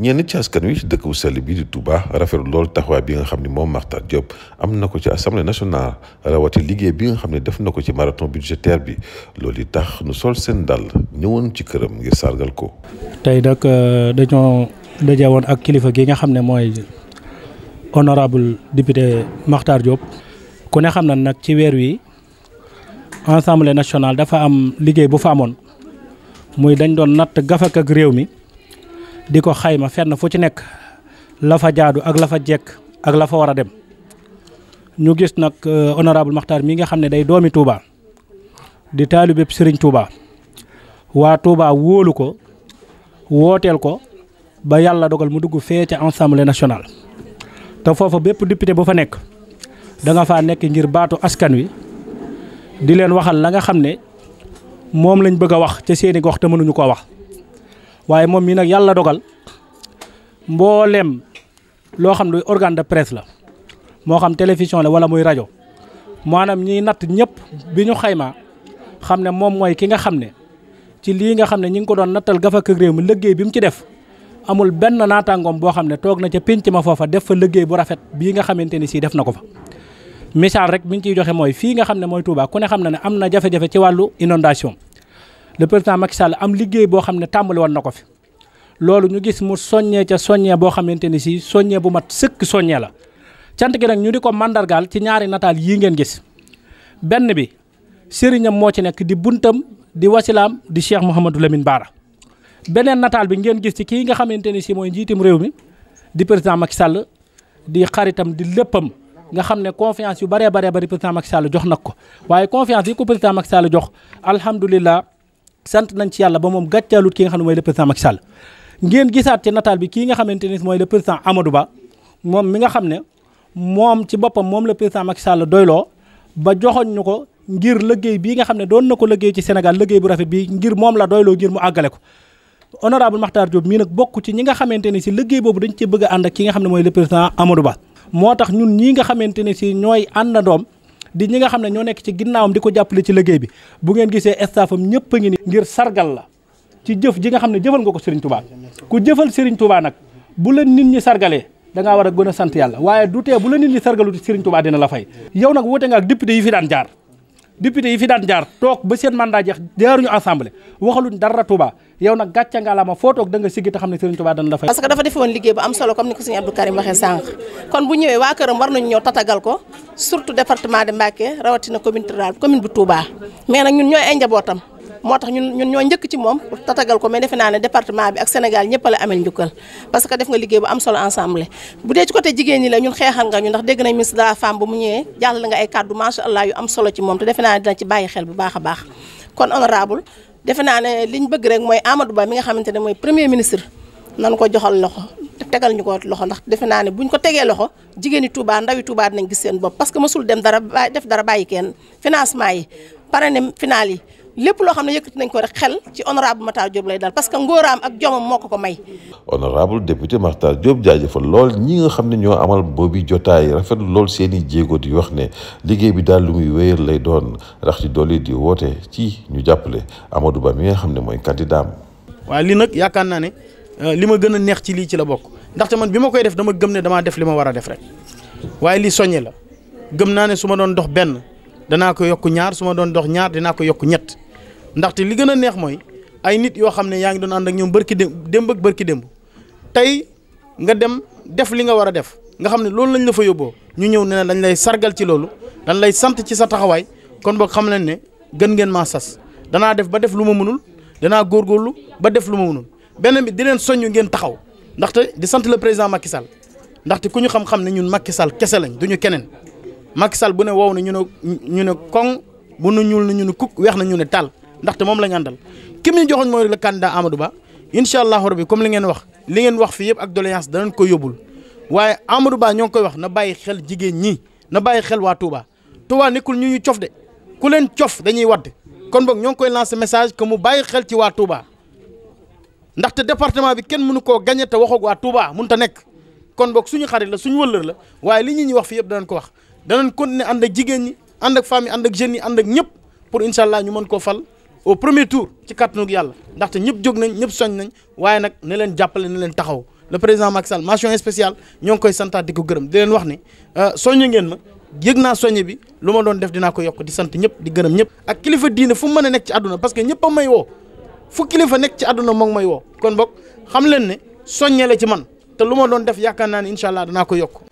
ñenn ci askan wi dëkk bu sell bi di Touba rafetlu lool taxawaay bi nga xam ne moom Makhtar Diop am na ko ci assemblée nationale rawati liggéey bi nga xam ne def na ko ci marathon budgétaire bi loolu yi tax nu sol seen dàll ñëwoon ci këram ngir sargal ko. tey nag euh, dañoo daje woon ak kilifa gi nga xam ne mooy honorable député Makhtar Diop. ku ne xam na nag ci weer wi assemblée national dafa am liggéey bu faamoon amoon muy dañ doon natt gafak ak réew mi. di ko xayma fenn fu ci nekk la fa jaadu ak la fa jekk ak la fa war a dem ñu gis nag euh, honorable Makhtar mi nga xam ne day doomi Touba di taalibe Serigne Touba waa Touba wóolu ko wooteel ko ba yàlla dogal mu dugg fee ca Assemblée nationale te foofa bépp député bu fa nekk da nga faa nekk ngir baatu askan wi di leen waxal la nga xam ne moom lañ bëgg a wax ca seeni gox te mënuñu koo wax waaye moom mii nag yàlla dogal mbooleem loo xam ne organe de presse la moo xam télévision la wala muy rajo maanaam ñiy natt ñëpp bi ñu xaymaa xam ne moom mooy ki nga xam ne ci lii nga xam ne ñi ngi ko doon nattal gafa kër réew mi liggéey bi mu ci def amul benn naataangoom boo xam ne toog na ca pénc ma foofa def fa liggéey bu rafet bii nga xamante ni sii def na ko fa. misaal rek mi ñu ciy joxe mooy fii nga xam ne mooy Touba ku ne xam na ne am na jafe ci wàllu inondation le président Macky Sall am liggéey boo xam ne tàmbali woon na ko fi loolu ñu gis mu soññee ca soññee boo xamante ni si soññee bu mat sëkk soññee la cant gi nag ñu di ko màndargaal ci ñaari nataal yii ngeen gis benn bi sëriñam moo ci nekk di buntam di wasilaam di Cheikh Mouhamadou Lamine Bara beneen nataal bi ngeen gis ci kii nga xamante ne si mooy njiitum réew mi di président Macky Sall di xaritam di léppam nga xam ne confiance yu bare baree bari président Macky Sall jox nag ko waaye confiance ko président Macky Sall jox alhamdulilah sant nañ ci yàlla ba moom gàccaalut ki nga xam ne mooy le président Macky Sall ngeen gisaat ci nataal bi kii nga xamante ni mooy le président Amadou Ba moom mi nga xam ne moom ci boppam moom le président Macky Sall doyloo ba joxoñ ñu ko ngir liggéey bii xam ne doon na ko liggéey ci Sénégal liggéey bu rafet ngir moom la doyloo ngir mu àggale ko honorable Makhtar Diop mii nag bokk ci ñi nga xamante ne si liggéey boobu dañ ci bëgg a ànd nga xam ne mooy le président Amadou Ba moo tax ñun ñii nga xamante ne si ñooy àndandoom di ñi nga xam ne ñoo nekk ci ginnaawam di ko jàppale ci liggéey bi bu ngeen gisee staffam ñëpp a ngi ni ngir sargal la ci jëf ji nga xam ne jëfal nga ko Serigne Touba ku jëfal Serigne Touba nag bu la nit ñi sargalee da ngaa war a gën a sant yàlla waaye du tee bu la nit ñi sargalu Serigne Touba dina la fay yow nag woote nga ak député yi fi daan jaar député yi fi daan jaar toog ba seen mandat jeex jaaruñu assemblée waxaluñ dara Touba yow nag gàcce nga la ma foo toog da nga siggi te xam ne Serigne Touba dana la fay. parce que dafa defe woon liggéey bu am solo comme ni ko Serigne Abdou Karim waxee sànq kon bu ñëwee waa këram war nañu ñëw tatagal ko surtout département de Mbacké rawatina commune rurale commune bu Touba mais nag ñun ñooy ay moo tax ñun ñun ñoo njëkk ci moom pour tatagal ko mais defe naa ne département bi ak Sénégal ñëpp la amel njukkal parce que def nga liggéey bu am solo ensemble bu dee ci côté jigéen ñi la ñun xeexal nga ñu ndax dégg nañ ministre de la femme bu mu ñëwee jàllale nga ay kàddu macha allah yu am solo ci moom te defe naa ne dina ci bàyyi xel bu baax a baax kon honorable defe naa ne liñ bëgg rek mooy Amadou Ba mi nga xamante ne mooy premier ministre nan ko joxal loxo tegal ñu ko loxo ndax defe naa ne buñ ko tegee loxo jigéeni Touba ndawi Touba dinañ gis seen bopp parce que mësul dem dara def dara bàyyi kenn financement yi parrain final yi lépp loo xam ne yëkkati nañ ko rek xel ci honorable Matar Diop lay dal parce que ngóoraam ak jomam moo ko ko may. honorable député Matar Diop jaajëfal lool ñi nga xam ne ñoo amal boobi jotaay rafet lool seeni i jéego di wax ne liggéey bi daal lu muy wéyal lay doon rax ci yi di woote ci ñu jàppale Amadou Ba mi nga xam ne mooy candidat am. waaye lii nag yaakaar naa ne euh, li ma gën a neex ci lii ci la bokk ndaxte man bi ma koy def dama gëm ne damaa def li ma war a def rek waaye lii soññe la gëm naa ne su ma doon dox benn danaa ko yokk ñaar su ma doon dox ñaar dinaa ko yokk ñett. ndaxte li gën a neex mooy ay nit yoo xam ne yaa ngi doon ànd ak ñoom bërki dé démb ak bërki démb tey nga dem def li nga war a def nga xam ne loolu lañ la fa yóbboo ñu ñëw ne dañ lay sargal ci loolu dañ lay sant ci sa taxawaay kon boog xam nañ ne gën ngeen maa sas danaa def ba def lu ma mënul danaa góorlu ba def lu ma mënul beneen bi di leen soññu ngeen taxaw ndaxte di sant la président Macky ndaxte ku ñu xam-xam ne ñun Macky Sall kese lañ du keneen Macky bu ne wow na ñu ne ñu ne koŋ bu nu ñuul na ñu ne kuk weex na ñu ne taal ndaxte moom la ñu àndal kim ñu joxoon mooy le candidat Amadou Ba incha allahu rabi comme li ngeen wax li ngeen wax fii yëpp ak doléance danañ ko yóbbul waaye Amadou ñoo ngi koy wax na bàyyi xel jigéen ñi na bàyyi xel waa Touba Touba nekkul ñu ñu cof de ku leen cof dañuy wadd kon boog ñoo ngi koy lancer message ko mu bàyyi xel ci waa Touba ndaxte département bi kenn mënu koo gagné te waxoog waa Touba mënut a nekk kon boog suñu xarit la suñu wëllër la waaye li ñi ñuy wax fii yëpp danañ ko wax danañ continuer ànd ak jigéen ñi ànd ak femmes yi ak jeunes yi ànd ak ñëpp pour incha allah ñu mën koo fal au premier tour ci kàttanug yàlla ndaxte ñëpp jog nañ ñëpp soñ nañ waaye nag ne leen jàppale ne leen taxaw le président Macky Sall mention spéciale ñoo koy santaat di ko gërëm di leen wax ne euh, soññe ngeen ma yëg naa soññe bi lu ma doon def dinaa ko yokk di sant ñëpp di gërëm ñëpp ak kilifa diine fu mu a nekk ci àdduna parce que ñëpp a may woo fu kilifa nekk ci àdduna moom may woo kon boog xam leen ne soññe la ci man te lu ma doon def yaakaar naa ne incha allah ko yokk